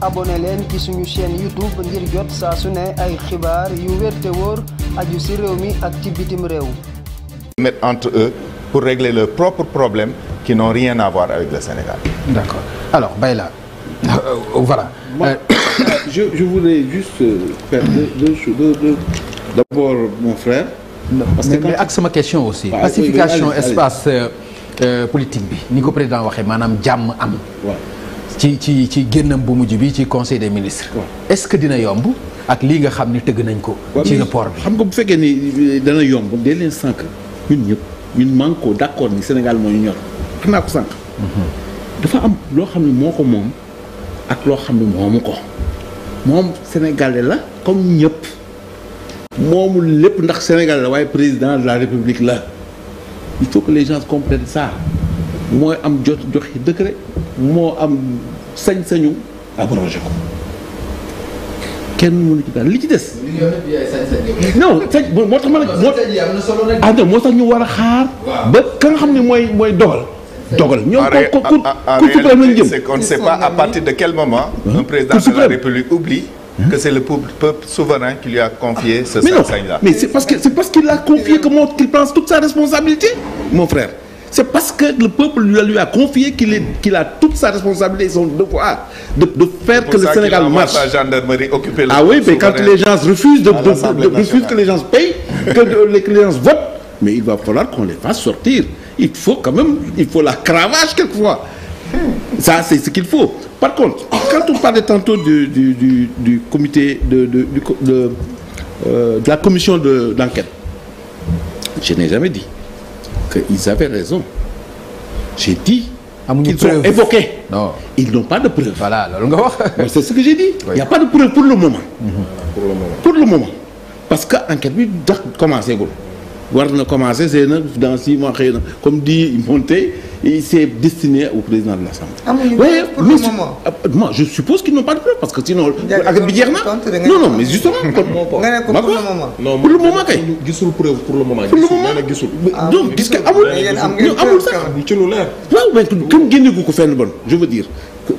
abonné leen ci suñu chaîne YouTube ngir jot su ne ay xibaar yu wér te a aju ci réew mi ak ci bitim réew. mettre entre eux pour régler leurs propres problèmes qui n'ont rien à voir avec le Sénégal. d'accord alors Bayla euh, euh, euh je voulais juste euh, faire deux deux deux, deux. d'abord mon frère. Non, parce que ak sama question aussi. pacification espace euh, politique bi ni ko président waxee maanaam jàmm am. ci ci ci génnam bu mujj bi ci conseil des ministres. est-ce que dina yomb ak lii nga xam ni tëgg nañ ko. ci rapport bi xam nga bu fekkee ni euh, dana yomb. dee leen sànq ñun ñëpp ñun manko d'accord ni Sénégal moo ñor wax sànq. Mhm. dafa am loo xam ne moo ko moom ak loo xam ne moomu ko moom Sénégalais la comme ñëpp. moomu lépp ndax Sénégal la waaye président de la République la il faut que les gens comprennent mooy am jot joxe décret moo am sañ-sañu abrogé ko kenn mënu ci daal li ci des. non sañ moo tax ma ne. Ah moo tax war a xaar. ba ka nga xam mooy mooy dogal. dogal ñoom ko ko cour suprême lañu jëm. c'est qu'on ne sait pas à partir de quel moment. un président de la république oublie. que c'est le peuple souverain qui lui a confié ce sañ-sañ là. mais c'est parce que c'est parce qu'il a confié que moo qu'il prend toute sa responsabilité mon frère. c'est parce que le peuple lui a confié qu'il est qu'il a toute sa responsabilité et son devoir de de faire que le Sénégal marche. La gendarmerie occuper ah oui, mais quand les gens refusent de de refusent que les gens payent, que les clients votent, mais il va falloir qu'on les fasse sortir. Il faut quand même il faut la cravache quelquefois. Ça, c'est ce qu'il faut. Par contre, quand on parlait tantôt du du du du comité de de de, de, euh, de la commission de d'enquête, je n'ai jamais dit qu'ils avaient raison j'ai dit. amuñu preuve qu'ils ont évoqué. non ils n'ont pas de preuve. voilà loolu nga wax. c'est ce que j'ai dit. il oui. y a pas de preuve pour le moment. Mm -hmm. pour le moment pour le moment. parce que enquête bi dax commencé gul. war na commencé c'est dans six mois xëy na comme dit Montey. et c'est destiné au président de l'Assemblée. amuñu preuve pour le moment euh, moi je suppose qu'ils n'ont pas de preuve parce que sinon. ak bi jeex na non non mais justement. kon nga ne ko pour le moment. pour le moment kay. gisul preuve pour le moment. pour le moment gisul ah, donc gis nga amul. ñu amul sax ci lu leer. waaw mais comme génneeku ko fenn bon je veux dire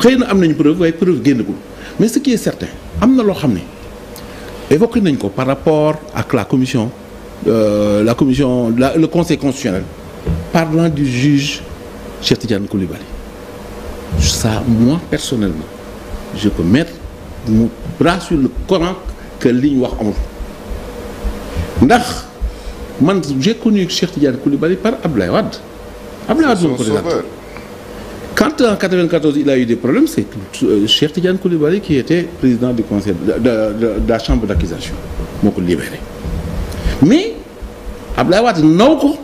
xëy na am nañu preuve waaye preuve génneeku mais ce qui est certain am na loo xam ne évoqué nañ ko par rapport ak la commission. Euh, la commission la, le conseil constitutionnel parlant du juge Cheikh Tidiane Koulibaly ça moi personnellement je peux mettre mon bras le Coran que li ñu wax amul ndax man j'ai connu Cheikh Tidiane Koulibaly par Abdoulaye Wade Abdoulaye Wade moo ko présenté en 94 il a eu des problèmes c'est euh, Cheikh Tidiane Koulibaly qui était président du conseil de, de, de, de la chambre d'accusation moo ko libéré mais Abdoulaye Wade naw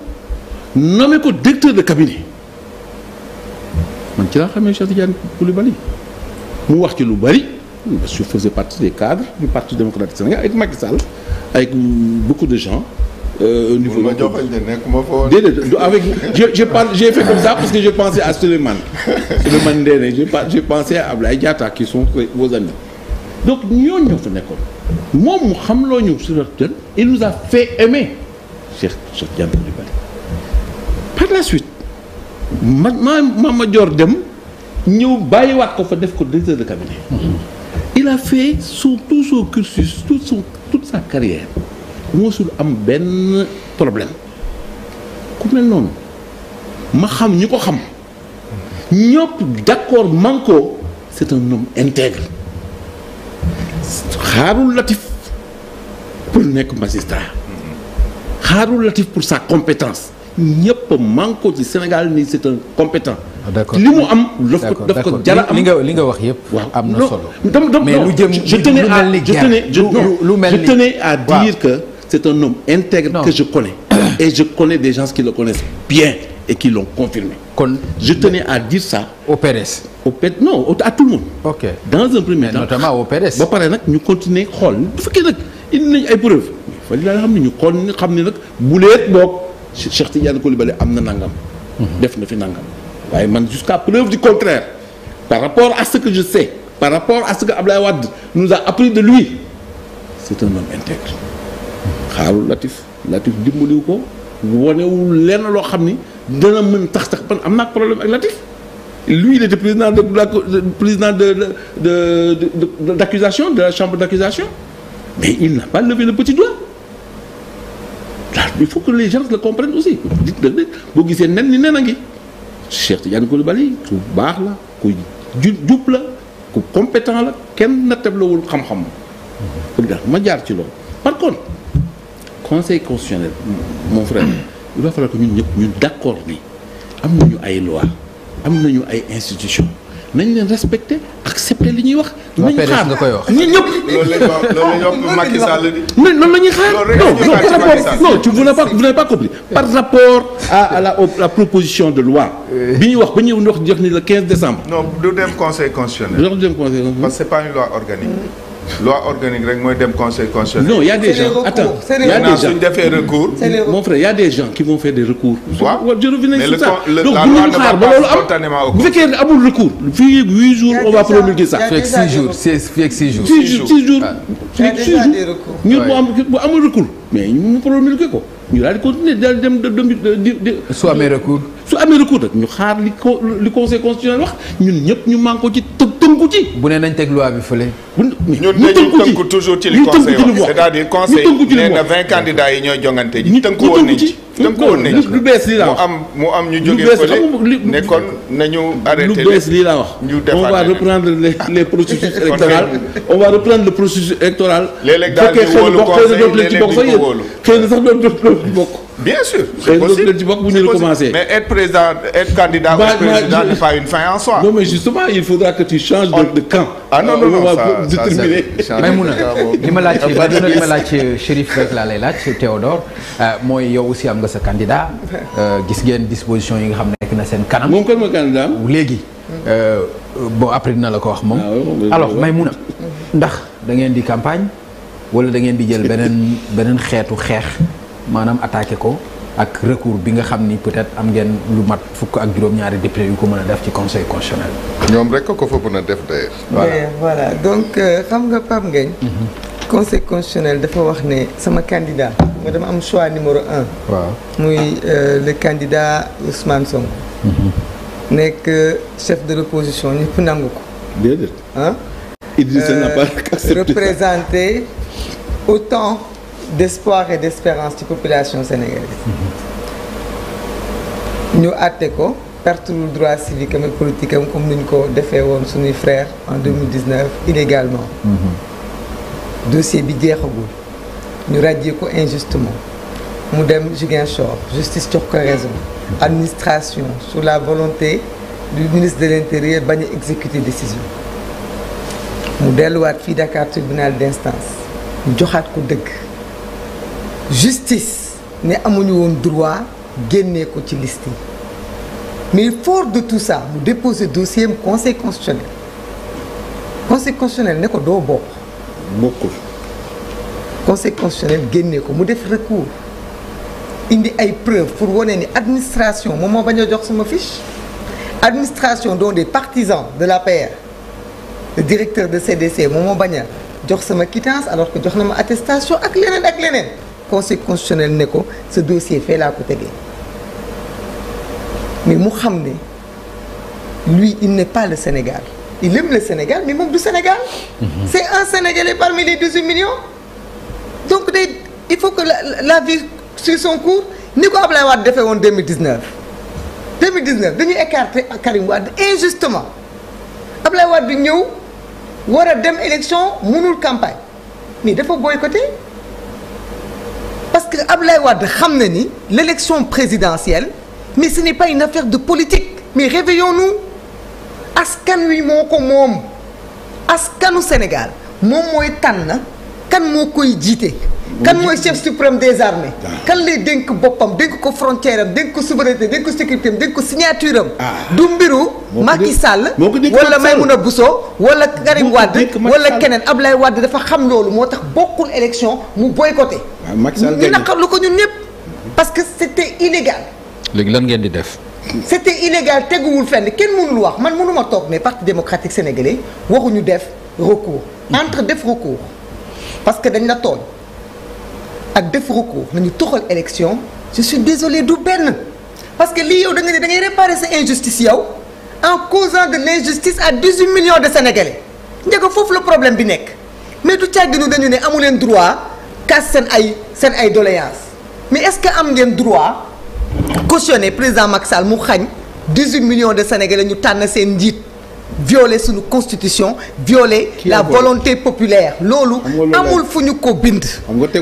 nommé ko directeur de cabinet man ci laa xamee Cheikh Tidiane Coulibaly mu wax ci lu bëri parce que je faisais partie des cadres du parti démocratique sénégalais avec Macky Sall avec beaucoup de gens. Euh, au niveau déedéet du avec je je parle j'ai fait comme ça parce que j'ai pensé à Souleymane Souleymane Ndéné j'ai pas j'ai pensé à Ablaye Diatta qui sont vos amis donc ñooñu ñoo fa nekkoon moom mu xam loo ñu sur il nous a fait aimer Cheikh Cheikh Tidiane Coulibaly par la suite. ma ma Mama Dior dem ñëw bàyyiwaat ko fa def ko directeur de cabinet il a fait son tout son cursus tout son toute sa carrière mosul am benn problème ku mel noonu ma xam ñi ko xam ñëpp d'accord manko c'est un homme intègre xaarul Latif pour nekk magistrat xaarul Latif pour sa compétence ñëpp manko ci Sénégal ni c'est un compétent. Ah, li mu am. d'accord daf ko jara am li nga li nga wax yëpp. waaw am na solo. je tenais à dire que c'est un homme intègre que je connais. et je connais des gens qui le connaissent bien et qui l'ont confirmé. kon je tenais à dire ça. au PDS. non à tout le monde. dans un premier temps notamment au ñu continuer xool bu fekkee nag indi nañu ay preuves. Cheikh Tidiane Coulibaly am na nangam. def na fi nangam. waaye man jusqu'à preuve du contraire par rapport à ce que je sais par rapport à ce que Ablaye Wade nous a appris de lui c'est un homme intègre xaarul Latif Latif dimbaliw ko wanewul lenn loo xam ni dana mën tax tax man am na problème ak Latif lui il était président de la président de de de d'accusation de la chambre d'accusation mais il n'a pas levé le petit doigt Ah, il faut que les gens le comprennent aussi dites dëgg boo gisee nen ni nen a ngi ko Tidiane Coulibaly ku baax la ku ju jub la ku compétent la kenn na tablawul xam-xam ma jaar ci loolu par contre conseil constitutionnel mon frère il va falloir que ñun ñëpp ñu d'accord ni am nañu ay loi am nañu ay institution nañ leen respecté accepté li ñuy wax. nañ xaar nga koy wax. ñun ñëpp loolu la ñu wax loolu Macky Sall di. noonu la ñuy xaar non non tu vous n'avez pas vous n'avez pas compris par rapport à la la proposition de loi. Euh. bi ñuy wax ba ñu wax jox ni le 15 décembre. non du dem conseil constitutionnel. du dem conseil constitutionnel parce que c'est pas une loi organique. loi organique rek mooy dem conseil constitutionnel. non y' a des gens attends y' a des gens suñ mon frère y' a des gens qui vont faire des recours. waaw waaw je donc bu ñu xaar bu fekkee amul recours. huit jours on va promulguer ça. fii six jours six jours. six jours six jours. ñu recours. mais ñu promulgué ko ñu daal di continuer daal dem dem di di. su amee recours. su amee recours rek ñu xaar li co li conseil constitutionnel wax ñun ñëpp ñu man ko ci të tënku ci. bu ne nañ teg loi bi fële. ñun dañuy tënku toujours ci li conseil wax c'est-à-dire conseil nee na vingt candidats yi ñooy jongante ji. tënku woon nañ ci tënkuwoon nañ lu bees lii laa wax mu am mu am ñu jógee lu bees lii laa wax. on va reprendre les les processus électoral on va reprendre le processus électoral. léeg-léeg daal ñu wóolu conseil léeg-léeg ñu ko wóolu bien sûr c'est mais président être candidat bah, ou président n'est pas une fin en soi non mais justement il li ma laaj li ma laaj euh, Chérif rek laa laaj Théodore euh, mooy yow aussi am nga sa euh, gis ngeen disposition yi nga xam ne nekk na seen kanam moom kan ma candidat léegi bon après dina la ko wax moom ah, alors Maïmouna ndax da ngeen di campagne wala da ngeen di jël beneen beneen xeetu xeex maanaam attaqué ko ak recours bi nga xam ni peut-être am ngeen lu mat fukk ak juróom-ñaari député yu ko mën a def ci conseil constitutionnel. ñoom rek ko fa mën a def d'ailleurs. voilà donc euh, xam nga Pape ngeen mhm. conseil constitutionnel dafa wax ne sama candidat nga dama am choix numéro un. waaw muy euh, le candidat Ousmane Sonko. Mhm. nekk euh, chef de l'opposition ñëpp nangu ko. déedéet ah. Idrissa d'espoir et d'espérance ci population sénégalaise ñu àtte ko pertul droit civique am ak politique am comme nuñ ko defee woon suñuy frère en 2019 illégalement dossier bi jeexagul ñu ràjjee ko injustement mu dem Ziguinchor justice jox ko raison administration sous la volonté du ministre de l'intérieur bañ a exécuter décision mu delluwaat fii Dakar tribunal d'instance ñu joxaat ko dëkk justice ne amuñu woon droit génnee ko ci liste yi mais fort de tout ça mu déposé dossier am conseil constitutionnel conseil constitutionnel ne ko doo bokk. bokkul. conseil constitutionnel génnee ko mu def recours indi ay preuves pour wane ni administration moom moo bañ a jox sama fiche administration dont des partisans de la le directeur de CDC moom moo bañ jox sama quittance alors que jox na ma attestation ak leneen ak leneen. conseil constitutionnel ne ko sa dossier fee laa ko tegee mais mu xam ne lui il n'est pas le Sénégal il aime le Sénégal mais moom du Sénégal mhm. c'est un Sénégalais parmi les 18 millions donc day il faut que la, la vie suive son cours ni ko Ablaye Wade defee woon 2019 2019 dañu écarté Karim Wade injustement Ablaye Wade ñëw war dem élection mënul campagne mais dafa boycotté parce que Ablaye Wade xam na ni l'élection présidentielle mais ce n'est pas une affaire de politique mais réveillons-nous askan wi moo ko moom askanu Sénégal moom mooy tànn kan moo koy jiite kan mooy chef suprême des armées ah. kan lay dénk boppam dénk ko frontière am dénk ko souveraineté dénk ko sécurité am dénk ko signature am ah. du mbiru Macky Sall wala Maïmouna Bousso wala Karim Wade wala keneen Ablaye Wade dafa xam loolu moo tax bokkul élection mu boycotté Macky Sall xam naqarlu ko ñun ñëpp. parce que c' était illégal. léegi lan ngeen di def. c' était illégal teguwul fenn kenn mënul wax man mënuma toog ne parti démocratique sénégalais waxuñu def recours. entre def recours parce que dañ la tooñ ak def recours nañu toxal élection je suis désolé du benn parce que lii yow da ne da ngay réparer sa injustice yow en causant de l' injustice à 18 millions de sénégalais njëkk foofu la problème bi nekk mais du càgginu dañu ne amu leen droit. kaas seen ay seen ay doléance mais est-ce que am ngeen droit cautionner président Macky Sall mu xañ 18 millions de Sénégalais ñu tànn seen njiit violer sunu constitution violer la volonté populaire loolu amul fu ñu ko bind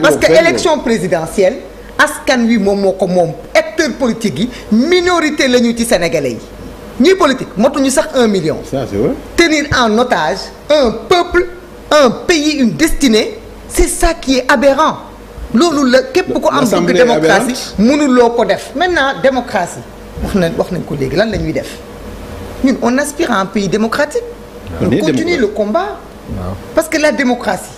parce que élection présidentielle askan wi moom moo ko moom acteur politique yi minorité la ñu ci sénégalais yi ñuy politique motuñu sax un million tenir en otage un peuple un pays une destinée c'est ça qui est aberrant loolu la képp ku am bëgg démocratie mënuloo ko def maintenant démocratie wax na wax nañ ko léegi lan la ñuy def ñun on aspire à un pays démocratique on continue le combat parce que la démocratie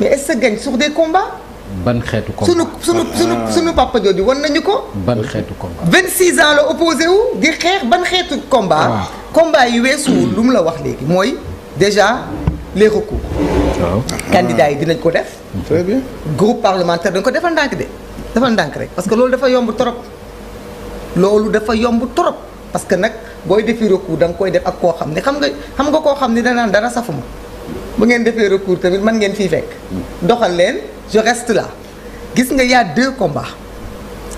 mais elle se gagne sur des combats ban xeetu combat sunu sunu ah. sunu sunu papa jooju wan nañu ko. ban xeetu combat. 26 ans la opposé wu di xeex ban xeetu combat. Ah. combat yi weesuwul lu mu la wax léegi mooy déjà les recours. waaw candidat yi dinañ ko def. très bien groupe parlementaire dañ ko defal ndànk de defal ndànk rek parce que loolu dafa yomb trop. loolu dafa yomb trop parce que nag booy defee recours da nga koy def ak koo xam ne xam nga xam nga koo xam ne danaan dana safuma bu ngeen defee recours tamit man ngeen fii fekk. doxal leen je reste gis nga yaat a ko combats.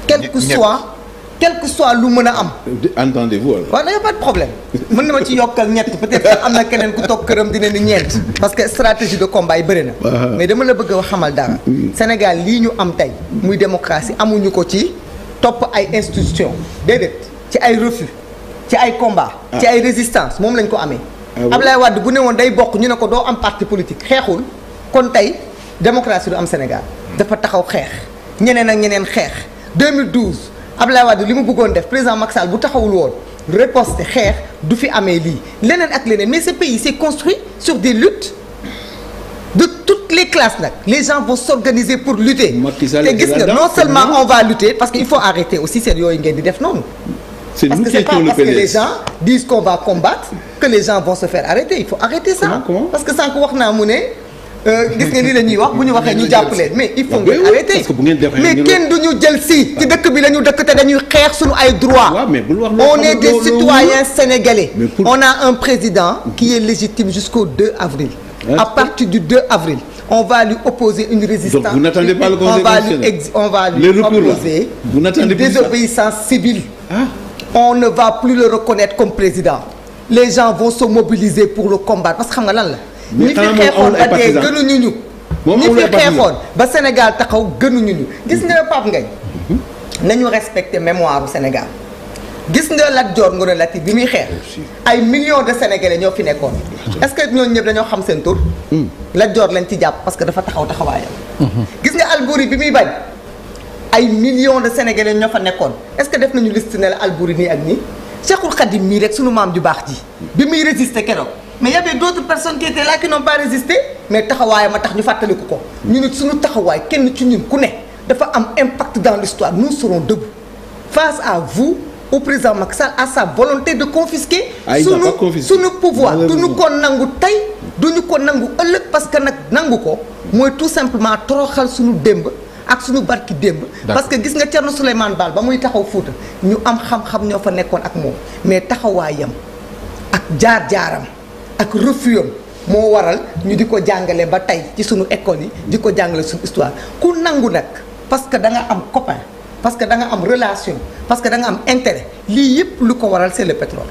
quel soit quel que soit lu mën a am. entendez-vous waaw y a problème mën na ma ci yokkal ñett peut-être am na keneen ku toog këram dina ni ñeent. parce que stratégie de combat yi bëri na. Ah, ah. mais dama la bëgg a xamal dara. Sénégal lii ñu am tey. muy démocratie amuñu ko ci topp ay institutions. déedéet ci ay refus ci ay combats. Ah. ci ay résistance moom lañ ko amee. Ablaye Wade bu ne woon day bokk ñu ne ko doo am parti politique xeexul kon tey démocratie du am Sénégal. dafa taxaw xeex ñeneen ak ñeneen xeex 2012. Abdoulaye Wade li mu bëggoon def président Macky Sall bu taxawul woon riposte xeex du fi amee lii leneen ak leneen mais ce pays s'est construit sur des luttes de toutes les classes nag les gens vont s'organiser pour lutter te gis nga non seulement on va lutter parce que il faut arrêter aussi seen yooyu ngeen di def noonu parce que c'est pas parce les gens disent qu'on va combattre que les gens vont se faire arrêter il faut arrêter ça parce que sànq wax naa mu ne gis ngeen ni la ñuy wax bu ñu waxee ñu jàppaleen mais il faut ngeen arrêter mais kenn du ñu jël si ci dëkk bi la ñu dëkk ay droit on est des citoyens sénégalais on a un président qui est légitime jusqu'au 2 avril à partir du 2 avril on va lui opposer une résistance donc vous n'attendez le conseil on ne va plus le reconnaître comme président les gens vont se mobiliser pour le combattre parce que xam nga lan la ñi fi xeexoon ba tey gënuñu ñu. moom ñi fi xeexoon ba Sénégal taxaw gënuñu ñu. gis nga Pape Ngagne hmm? nañu respecté mémoire u Sénégal. gis nga Lat Dior Ngoné Latyr bi muy xeex ay millions de sénégalais ñoo fi nekkoon est-ce que ñooñu ñëpp dañoo xam seen tur hmm. Lat Dior ci jàpp parce que dafa taxaw taxawaayam hmm. gis nga Albouri bi muy bañ ay millions de sénégalais ñoo nekkoon est-ce que def nañu liste ne la Albouri nii ak nii Cheikhul Khadim mii rek sunu maam ju baax ji bi muy résister keroog mais y avait d'autres personnes qui étaient là qui pas résisté mais taxawaayam a tax ñu fàttaliku ko ñu nit suñu taxawaay kenn ci ñun ku ne dafa am impact dans l'histoire nous serons debout face à vous au président Macky Sall à sa volonté de confisquer ah, suñu suñu pouvoir ñu ko nangu tey du ñu ko nangu ëllëg parce que nag nangu ko mooy tout simplement toroxal suñu démb ak suñu barki démb parce que gis nga Thierno Souleymane Baal ba muy taxaw Fuuta ñu am xam-xam ñoo fa nekkoon ak moom mais taxawaayam ak jaar-jaaram ak refus am moo waral ñu di ko jàngale ba tey ci suñu école yi di ko jàngale suñu histoire ku nangu nag parce que da am copain parce que da nga am relation parce que da nga am intérêt lii yëpp lu ko waral c'est le pétrole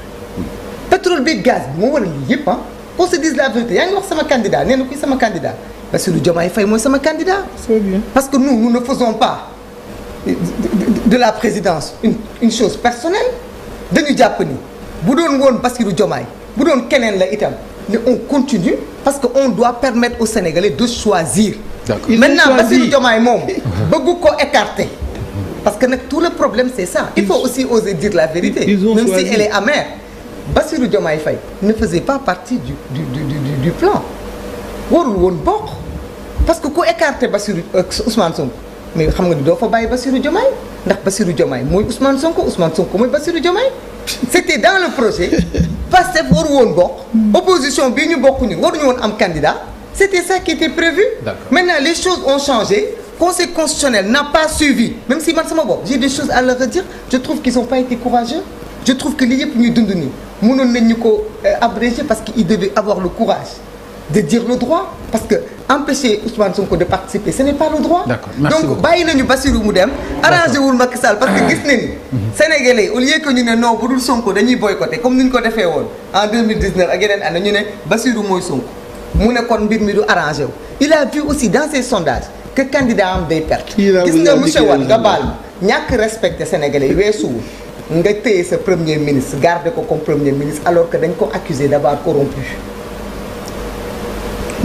pétrole bi gaz moo waral lii yëpp ah on se dise la vérité yaa ngi wax sama candidat nee na kuy sama candidat Bassirou Diomaye Faye mooy sama candidat parce que nous nous ne faisons pas de la présidence une une chose personnelle dañu jàpp ni bu doon woon Bassirou Diomaye bu doon keneen la itam ne on continue parce que on doit permettre aux Sénégalais de choisir. d'accord maintenant Bassirou Diomaye moom bëggu ko écarter. parce que nag tout le problème c'est ça. il faut aussi oser dire la vérité. même choisi. si elle est amère. Bassirou Diomaye fay ne faisait pas partie du du du du plan warul woon bokk parce que ku écarté Bassirou euh, Ousmane Sonko mais xam nga ni doo fa bàyyi Bassirou Diomaye ndax Bassirou Diomaye mooy Ousmane Sonko Ousmane Sonko mooy Bassirou Diomaye. c'était dans le projet Pastef waru woon bokk opposition bi ñu bokk ñu waruñu woon am candidat c'était ça qui était prévu maintenant les choses ont changé conseil constitutionnel n'a pas suivi même si man sama bopp j'ai des choses à leur dire je trouve qu'ils ont pas été courageux je trouve que lii yëpp ñuy dund nii mënoon nañ ñu ko euh, abréger parce qu'il devait avoir le courage de dire le droit parce que empêcher Ousmane Sonko de participer ce n'est pas le droit. D'accord. Merci donc bàyyi nañu Bassirou mu dem. arrangé wul Macky parce que ah. gis nañu. Mhm. Sénégalais au lieu que ñu ne non bu dul Sonko dañuy boycotter comme ni ñu ko defee woon en 2019 ak yeneen année ñu ne Bassirou mooy Sonko mu ne kon mbir mi du arrangé wu. il a vu aussi dans ses sondages que candidat am day perte. gis nga monsieur Wade nga baal ma ñàkk respecté Sénégalais weesuwul. nga téye sa premier ministre garder ko comme premier ministre alors que dañ ko accusé d'avoir corrompu.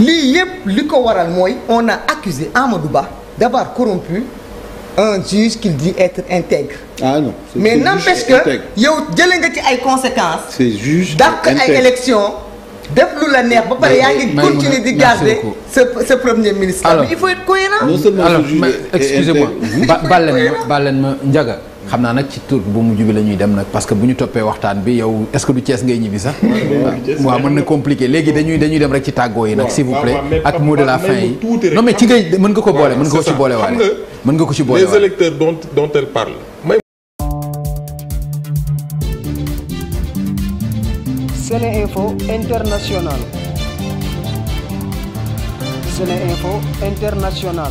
li yëpp li ko waral mooy on a accusé Amadou Ba d'avoir corrompu un juge qu'il dit être intègre. ah non mais n'empêche que yow jëlee nga ci ay conséquences. c'est juge dàq ay élections. def la neex ba pare yaa ngi continuer di garder ce ce premier ministre. alors mais il faut être cohérent. non seulement alors excusez-moi. ba baal leen xam naa nag ci tur bu mujj bi la ñuy dem nag parce que bu ñu toppee waxtaan bi yow est-ce que du Thiès ngay ñibbi sax. waaw mën na compliqué léegi dañuy dañuy dem rek ci tàggoo yi nag. s'il vous plaît ak mot de la fin yi. non mais ci ngay mën nga ko boole mën nga ko ci boole waale. mën nga ko ci boole waale les électeurs dont dont elle parle. SeneInfo International. SeneInfo International.